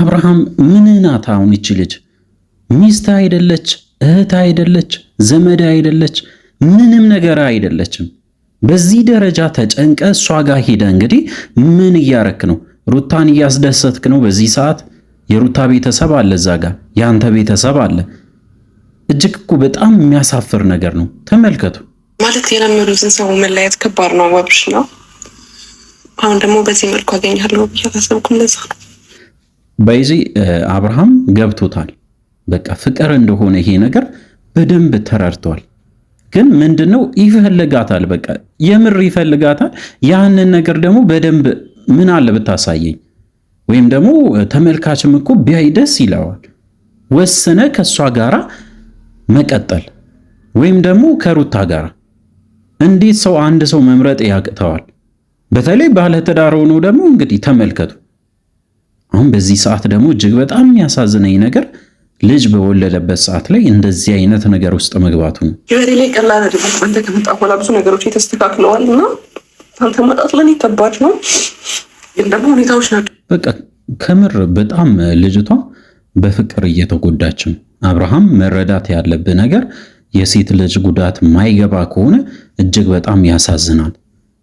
አብርሃም ምን ናት አሁን ይች ልጅ? ሚስት አይደለች፣ እህት አይደለች፣ ዘመድ አይደለች፣ ምንም ነገር አይደለችም። በዚህ ደረጃ ተጨንቀ እሷ ጋር ሄደ። እንግዲህ ምን እያረክ ነው? ሩታን እያስደሰትክ ነው? በዚህ ሰዓት የሩታ ቤተሰብ አለ፣ እዛ ጋር የአንተ ቤተሰብ አለ። እጅግ እኮ በጣም የሚያሳፍር ነገር ነው። ተመልከቱ። ማለት የለመዱትን ሰው መለያየት ከባድ ነው። ወብሽ ነው። አሁን ደግሞ በዚህ መልኩ አገኛለሁ ብዬ አላሰብኩም። ለዛ ነው በዚህ አብርሃም ገብቶታል። በቃ ፍቅር እንደሆነ ይሄ ነገር በደንብ ተረድቷል። ግን ምንድነው ይፈልጋታል፣ በቃ የምር ይፈልጋታል። ያንን ነገር ደግሞ በደንብ ምን አለ ብታሳየኝ፣ ወይም ደግሞ ተመልካችም እኮ ቢያይ ደስ ይለዋል። ወስነ ከእሷ ጋራ መቀጠል ወይም ደግሞ ከሩታ ጋር እንዴት ሰው አንድ ሰው መምረጥ ያቅተዋል? በተለይ ባለትዳር ሆኖ ደግሞ እንግዲህ ተመልከቱ አሁን በዚህ ሰዓት ደግሞ እጅግ በጣም የሚያሳዝነኝ ነገር ልጅ በወለደበት ሰዓት ላይ እንደዚህ አይነት ነገር ውስጥ መግባቱ ነው። ህይወቴ ላይ ቀላል አይደለም። አንተ ከመጣ በኋላ ብዙ ነገሮች የተስተካክለዋል እና አንተ መጣት ለኔ ከባድ ነው፣ ግን ደግሞ ሁኔታዎች ናቸው። በቃ ከምር በጣም ልጅቷ በፍቅር እየተጎዳች ነው። አብርሃም መረዳት ያለብህ ነገር የሴት ልጅ ጉዳት ማይገባ ከሆነ እጅግ በጣም ያሳዝናል።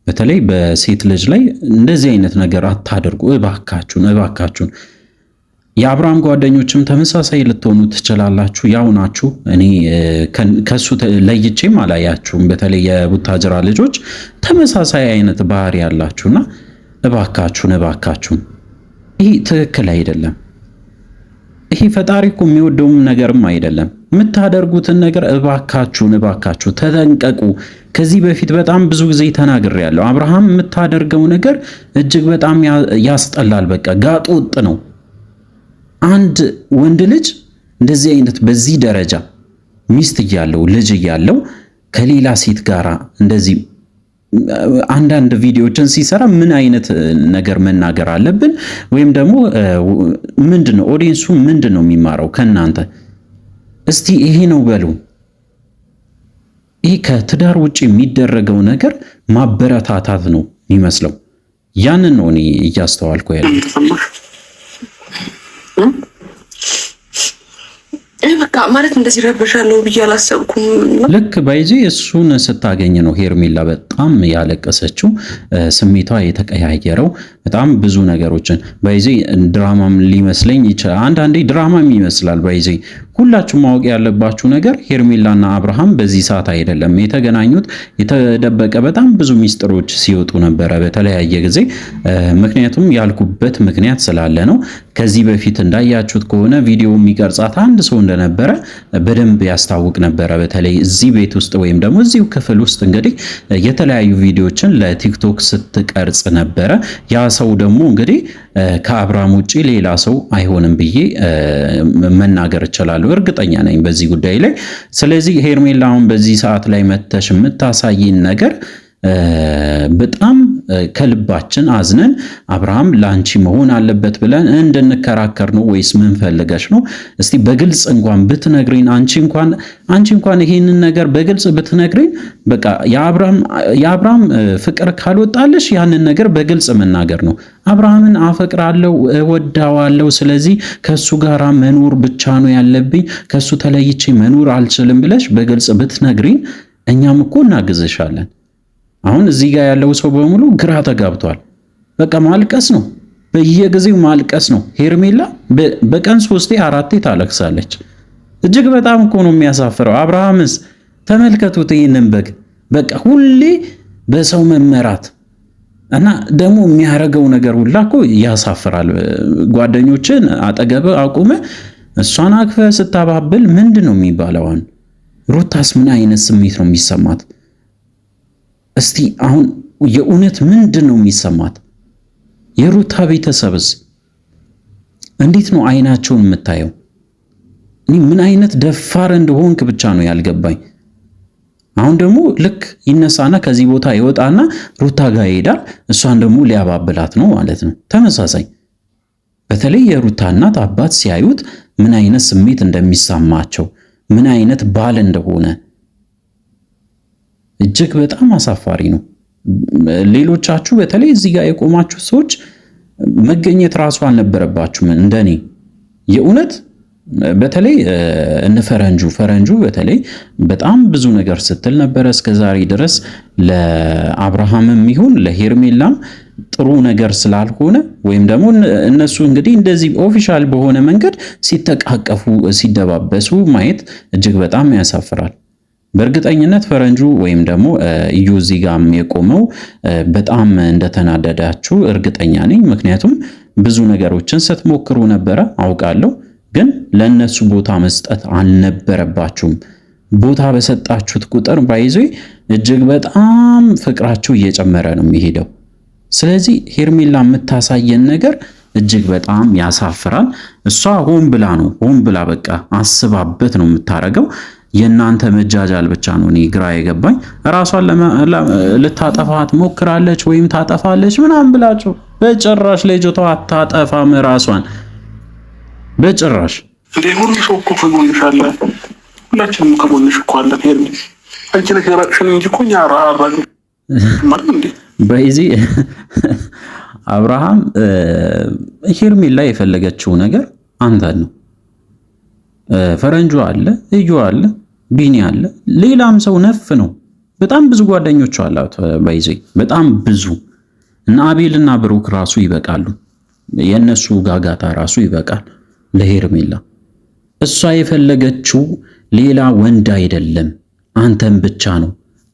በተለይ በሴት ልጅ ላይ እንደዚህ አይነት ነገር አታደርጉ እባካችሁን፣ እባካችሁን። የአብርሃም ጓደኞችም ተመሳሳይ ልትሆኑ ትችላላችሁ። ያው ናችሁ። እኔ ከሱ ለይቼም አላያችሁም። በተለይ የቡታጅራ ልጆች ተመሳሳይ አይነት ባህሪ ያላችሁና እባካችሁን፣ እባካችሁን ይህ ትክክል አይደለም። ይሄ ፈጣሪ እኮ የሚወደውም ነገርም አይደለም። የምታደርጉትን ነገር እባካችሁን እባካችሁ ተጠንቀቁ። ከዚህ በፊት በጣም ብዙ ጊዜ ያለው አብርሃም የምታደርገው ነገር እጅግ በጣም ያስጠላል። በቃ ጋጥ ወጥ ነው። አንድ ወንድ ልጅ እንደዚህ አይነት በዚህ ደረጃ ሚስት እያለው ልጅ እያለው ከሌላ ሴት ጋር እንደዚህ አንዳንድ ቪዲዮዎችን ሲሰራ ምን አይነት ነገር መናገር አለብን? ወይም ደግሞ ምንድን ነው ኦዲየንሱ ምንድን ነው የሚማረው ከእናንተ? እስቲ ይሄ ነው በሉ። ይህ ከትዳር ውጭ የሚደረገው ነገር ማበረታታት ነው የሚመስለው። ያንን ነው እኔ እያስተዋልኩ ያለ በቃ ማለት እንደዚህ ረበሻለሁ ብዬ አላሰብኩም። ልክ ባይዜ እሱን ስታገኝ ነው ሄርሜላ በጣም ያለቀሰችው፣ ስሜቷ የተቀያየረው በጣም ብዙ ነገሮችን ባይዜ ድራማም ሊመስለኝ ይችላል። አንዳንዴ ድራማም ይመስላል ባይዜ ሁላችሁ ማወቅ ያለባችሁ ነገር ሄርሜላና አብርሃም በዚህ ሰዓት አይደለም የተገናኙት። የተደበቀ በጣም ብዙ ሚስጥሮች ሲወጡ ነበረ በተለያየ ጊዜ። ምክንያቱም ያልኩበት ምክንያት ስላለ ነው። ከዚህ በፊት እንዳያችሁት ከሆነ ቪዲዮ የሚቀርጻት አንድ ሰው እንደነበረ በደንብ ያስታውቅ ነበረ። በተለይ እዚህ ቤት ውስጥ ወይም ደግሞ እዚሁ ክፍል ውስጥ እንግዲህ የተለያዩ ቪዲዮችን ለቲክቶክ ስትቀርጽ ነበረ። ያ ሰው ደግሞ እንግዲህ ከአብርሃም ውጭ ሌላ ሰው አይሆንም ብዬ መናገር እችላለሁ። እችላለሁ፣ እርግጠኛ ነኝ በዚህ ጉዳይ ላይ። ስለዚህ ሄርሜላ አሁን በዚህ ሰዓት ላይ መተሽ የምታሳይን ነገር በጣም ከልባችን አዝነን አብርሃም ለአንቺ መሆን አለበት ብለን እንድንከራከር ነው ወይስ ምን ፈልገሽ ነው? እስቲ በግልጽ እንኳን ብትነግሪን፣ አንቺ እንኳን አንቺ እንኳን ይሄንን ነገር በግልጽ ብትነግሪን፣ በቃ የአብርሃም ፍቅር ካልወጣለሽ ያንን ነገር በግልጽ መናገር ነው። አብርሃምን አፈቅራለሁ፣ እወዳዋለሁ፣ ስለዚህ ከሱ ጋራ መኖር ብቻ ነው ያለብኝ፣ ከሱ ተለይቼ መኖር አልችልም ብለሽ በግልጽ ብትነግሪን፣ እኛም እኮ እናግዝሻለን። አሁን እዚህ ጋር ያለው ሰው በሙሉ ግራ ተጋብቷል። በቃ ማልቀስ ነው፣ በየጊዜው ማልቀስ ነው። ሄርሜላ በቀን ሶስቴ አራቴ ታለቅሳለች። እጅግ በጣም እኮ ነው የሚያሳፍረው። አብርሃምስ ተመልከቱት ይህንን በግ በቃ ሁሌ በሰው መመራት እና ደግሞ የሚያረገው ነገር ሁላ እኮ ያሳፍራል። ጓደኞችን አጠገብ አቁመ እሷን አክፈ ስታባብል ምንድን ነው አሁን ሩታስ ምን አይነት ስሜት ነው የሚሰማት? እስቲ አሁን የእውነት ምንድን ነው የሚሰማት? የሩታ ቤተሰብስ እንዴት ነው አይናቸውን የምታየው? እኔ ምን አይነት ደፋር እንደሆንክ ብቻ ነው ያልገባኝ። አሁን ደግሞ ልክ ይነሳና ከዚህ ቦታ ይወጣና ሩታ ጋር ይሄዳል። እሷን ደግሞ ሊያባብላት ነው ማለት ነው። ተመሳሳይ በተለይ የሩታ እናት አባት ሲያዩት ምን አይነት ስሜት እንደሚሰማቸው ምን አይነት ባል እንደሆነ እጅግ በጣም አሳፋሪ ነው። ሌሎቻችሁ በተለይ እዚህ ጋር የቆማችሁ ሰዎች መገኘት ራሱ አልነበረባችሁም። እንደኔ የእውነት በተለይ እነ ፈረንጁ ፈረንጁ በተለይ በጣም ብዙ ነገር ስትል ነበረ እስከዛሬ ድረስ ለአብርሃምም ይሁን ለሄርሜላም ጥሩ ነገር ስላልሆነ ወይም ደግሞ እነሱ እንግዲህ እንደዚህ ኦፊሻል በሆነ መንገድ ሲተቃቀፉ ሲደባበሱ ማየት እጅግ በጣም ያሳፍራል። በእርግጠኝነት ፈረንጁ ወይም ደግሞ እዩ እዚህ ጋም የቆመው በጣም እንደተናደዳችሁ እርግጠኛ ነኝ። ምክንያቱም ብዙ ነገሮችን ስትሞክሩ ነበረ አውቃለሁ፣ ግን ለእነሱ ቦታ መስጠት አልነበረባችሁም። ቦታ በሰጣችሁት ቁጥር ባይዞ እጅግ በጣም ፍቅራችሁ እየጨመረ ነው የሚሄደው። ስለዚህ ሄርሜላ የምታሳየን ነገር እጅግ በጣም ያሳፍራል። እሷ ሆን ብላ ነው ሆን ብላ በቃ አስባበት ነው የምታረገው። የእናንተ መጃጃል ብቻ ነው እኔ ግራ የገባኝ። ራሷን ልታጠፋ ሞክራለች ወይም ታጠፋለች ምናምን ብላችሁ በጭራሽ ልጅቷ አታጠፋም ራሷን በጭራሽ። እንደ ሁሉ ሰው እኮ ከጎንሽ አለ፣ ሁላችንም ከጎንሽ እኮ አንቺ ነሽ የራቅሽን እንጂ እኮ እኛ አብርሃም ሄርሜላ የፈለገችው ነገር አንተን ነው ፈረንጆ አለ፣ እዩ አለ፣ ቢኒ አለ፣ ሌላም ሰው ነፍ ነው። በጣም ብዙ ጓደኞች አላት ባይዘ በጣም ብዙ እና አቤልና ብሩክ ራሱ ይበቃሉ። የእነሱ ጋጋታ ራሱ ይበቃል ለሄርሜላ። እሷ የፈለገችው ሌላ ወንድ አይደለም አንተን ብቻ ነው።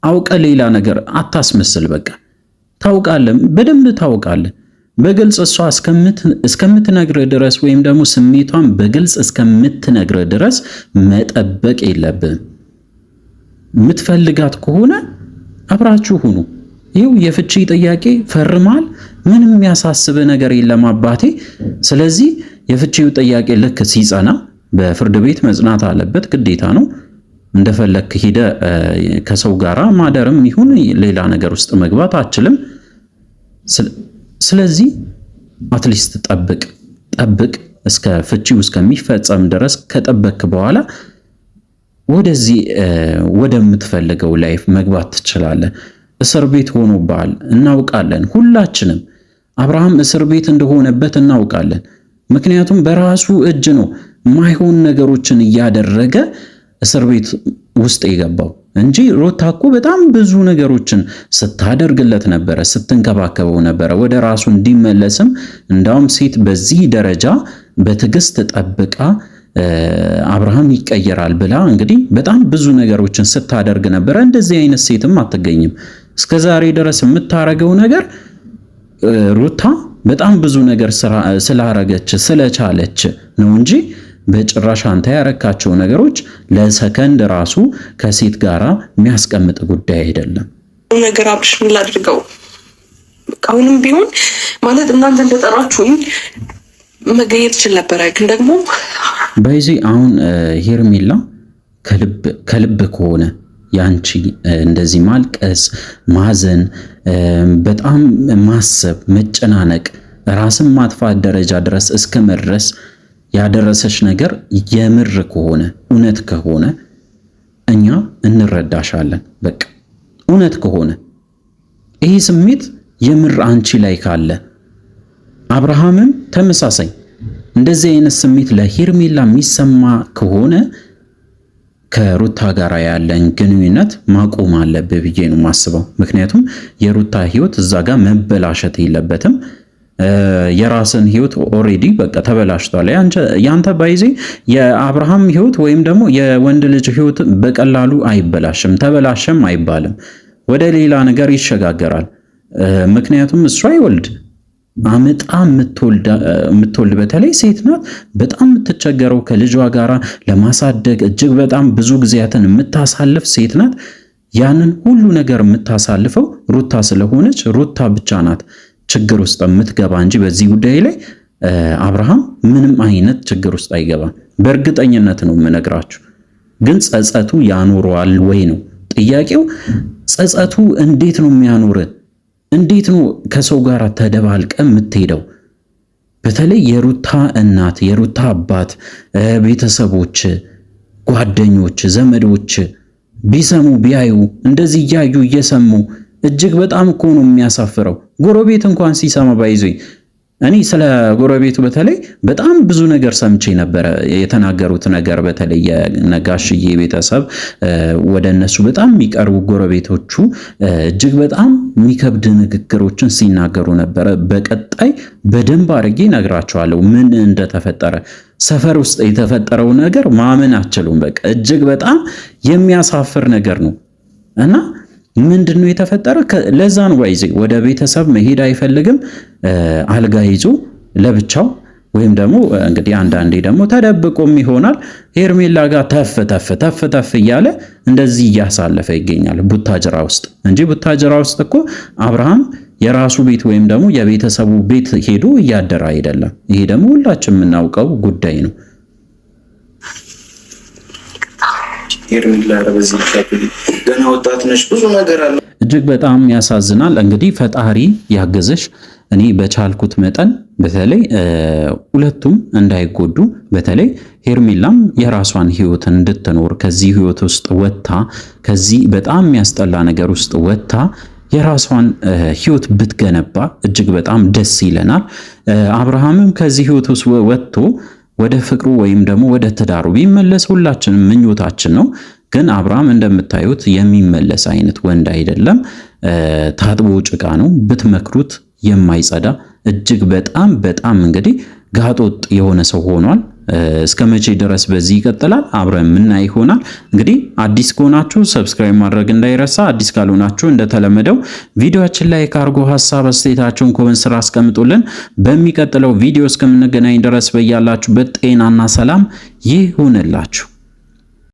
አውቀ ሌላ ነገር አታስመስል። በቃ ታውቃለህ፣ በደንብ ታውቃለህ። በግልጽ እሷ እስከምትነግር ድረስ ወይም ደግሞ ስሜቷን በግልጽ እስከምትነግር ድረስ መጠበቅ የለብን። የምትፈልጋት ከሆነ አብራችሁ ሁኑ። ይው የፍቺ ጥያቄ ፈርማል። ምንም የሚያሳስብ ነገር የለም አባቴ። ስለዚህ የፍቺው ጥያቄ ልክ ሲጸና በፍርድ ቤት መጽናት አለበት፣ ግዴታ ነው። እንደፈለክ ሂደ ከሰው ጋራ ማደርም ይሁን ሌላ ነገር ውስጥ መግባት አችልም። ስለዚህ አትሊስት ጠብቅ ጠብቅ እስከ ፍቺው እስከሚፈጸም ድረስ ከጠበክ በኋላ ወደዚህ ወደምትፈልገው ላይፍ መግባት ትችላለህ። እስር ቤት ሆኖብሃል እናውቃለን። ሁላችንም አብርሃም እስር ቤት እንደሆነበት እናውቃለን። ምክንያቱም በራሱ እጅ ነው ማይሆን ነገሮችን እያደረገ እስር ቤት ውስጥ የገባው። እንጂ ሩታ እኮ በጣም ብዙ ነገሮችን ስታደርግለት ነበረ፣ ስትንከባከበው ነበረ ወደ ራሱ እንዲመለስም። እንዳውም ሴት በዚህ ደረጃ በትዕግስት ጠብቃ አብርሃም ይቀየራል ብላ እንግዲህ በጣም ብዙ ነገሮችን ስታደርግ ነበረ። እንደዚህ አይነት ሴትም አትገኝም። እስከ ዛሬ ድረስ የምታረገው ነገር ሩታ በጣም ብዙ ነገር ስላረገች ስለቻለች ነው እንጂ በጭራሽ አንተ ያረካቸው ነገሮች ለሰከንድ ራሱ ከሴት ጋራ የሚያስቀምጥ ጉዳይ አይደለም። ነገር አብርሽ ምን ላድርገው? አሁንም ቢሆን ማለት እናንተ እንደጠራችሁኝ መገኘት ይችል ነበረ፣ ግን ደግሞ በዚህ አሁን ሄርሜላ ከልብ ከሆነ ያንቺ እንደዚህ ማልቀስ፣ ማዘን፣ በጣም ማሰብ፣ መጨናነቅ፣ ራስን ማጥፋት ደረጃ ድረስ እስከ መድረስ ያደረሰች ነገር የምር ከሆነ እውነት ከሆነ እኛ እንረዳሻለን። በቃ እውነት ከሆነ ይህ ስሜት የምር አንቺ ላይ ካለ አብርሃምም ተመሳሳይ እንደዚህ አይነት ስሜት ለሄርሜላ የሚሰማ ከሆነ ከሩታ ጋር ያለን ግንኙነት ማቆም አለብህ ብዬ ነው የማስበው። ምክንያቱም የሩታ ህይወት እዛ ጋር መበላሸት የለበትም። የራስን ህይወት ኦሬዲ በቃ ተበላሽቷል። ያንተ ባይዜ የአብርሃም ህይወት ወይም ደግሞ የወንድ ልጅ ህይወት በቀላሉ አይበላሽም፣ ተበላሸም አይባልም። ወደ ሌላ ነገር ይሸጋገራል። ምክንያቱም እሱ አይወልድ አመጣ የምትወልድ በተለይ ሴት ናት በጣም የምትቸገረው ከልጇ ጋራ ለማሳደግ እጅግ በጣም ብዙ ጊዜያትን የምታሳልፍ ሴት ናት። ያንን ሁሉ ነገር የምታሳልፈው ሩታ ስለሆነች ሩታ ብቻ ናት። ችግር ውስጥ የምትገባ እንጂ በዚህ ጉዳይ ላይ አብርሃም ምንም አይነት ችግር ውስጥ አይገባም። በእርግጠኝነት ነው የምነግራችሁ። ግን ጸጸቱ ያኖረዋል ወይ ነው ጥያቄው። ጸጸቱ እንዴት ነው የሚያኖር? እንዴት ነው ከሰው ጋር ተደባልቀ የምትሄደው? በተለይ የሩታ እናት፣ የሩታ አባት፣ ቤተሰቦች፣ ጓደኞች፣ ዘመዶች ቢሰሙ ቢያዩ እንደዚህ እያዩ እየሰሙ እጅግ በጣም እኮ ነው የሚያሳፍረው። ጎረቤት እንኳን ሲሰማ ባይዞኝ እኔ ስለ ጎረቤቱ በተለይ በጣም ብዙ ነገር ሰምቼ ነበረ። የተናገሩት ነገር በተለይ የነጋሽዬ ቤተሰብ ወደ እነሱ በጣም የሚቀርቡ ጎረቤቶቹ እጅግ በጣም የሚከብድ ንግግሮችን ሲናገሩ ነበረ። በቀጣይ በደንብ አድርጌ ነግራቸዋለሁ ምን እንደተፈጠረ። ሰፈር ውስጥ የተፈጠረው ነገር ማመን አችሉም። በቃ እጅግ በጣም የሚያሳፍር ነገር ነው እና ምንድን ነው የተፈጠረው? ለዛ ነው ባይዜ ወደ ቤተሰብ መሄድ አይፈልግም። አልጋ ይዞ ለብቻው ወይም ደግሞ እንግዲህ አንዳንዴ ደግሞ ተደብቆም ይሆናል ሄርሜላ ጋር ተፍ ተፍ ተፍ ተፍ እያለ እንደዚህ እያሳለፈ ይገኛል ቡታጅራ ውስጥ እንጂ ቡታጅራ ውስጥ እኮ አብርሃም የራሱ ቤት ወይም ደግሞ የቤተሰቡ ቤት ሄዶ እያደረ አይደለም። ይሄ ደግሞ ሁላችን የምናውቀው ጉዳይ ነው። ደህና ወጣት ብዙ ነገር አለ። እጅግ በጣም ያሳዝናል። እንግዲህ ፈጣሪ ያገዘሽ። እኔ በቻልኩት መጠን በተለይ ሁለቱም እንዳይጎዱ በተለይ ሄርሜላም የራሷን ህይወት እንድትኖር ከዚህ ህይወት ውስጥ ወጥታ ከዚህ በጣም የሚያስጠላ ነገር ውስጥ ወጥታ የራሷን ህይወት ብትገነባ እጅግ በጣም ደስ ይለናል። አብርሃምም ከዚህ ህይወት ውስጥ ወጥቶ ወደ ፍቅሩ ወይም ደግሞ ወደ ትዳሩ ቢመለስ ሁላችንም ምኞታችን ነው። ግን አብርሃም እንደምታዩት የሚመለስ አይነት ወንድ አይደለም። ታጥቦ ጭቃ ነው። ብትመክሩት የማይጸዳ እጅግ በጣም በጣም እንግዲህ ጋጦጥ የሆነ ሰው ሆኗል። እስከ መቼ ድረስ በዚህ ይቀጥላል? አብረን የምናይ ይሆናል። እንግዲህ አዲስ ከሆናችሁ ሰብስክራይብ ማድረግ እንዳይረሳ፣ አዲስ ካልሆናችሁ እንደተለመደው ቪዲዮአችን ላይ ካርጎ ሀሳብ አስተያየታችሁን ኮመንት ስራ አስቀምጡልን። በሚቀጥለው ቪዲዮ እስከምንገናኝ ድረስ በያላችሁበት ጤናና ሰላም ይሁንላችሁ።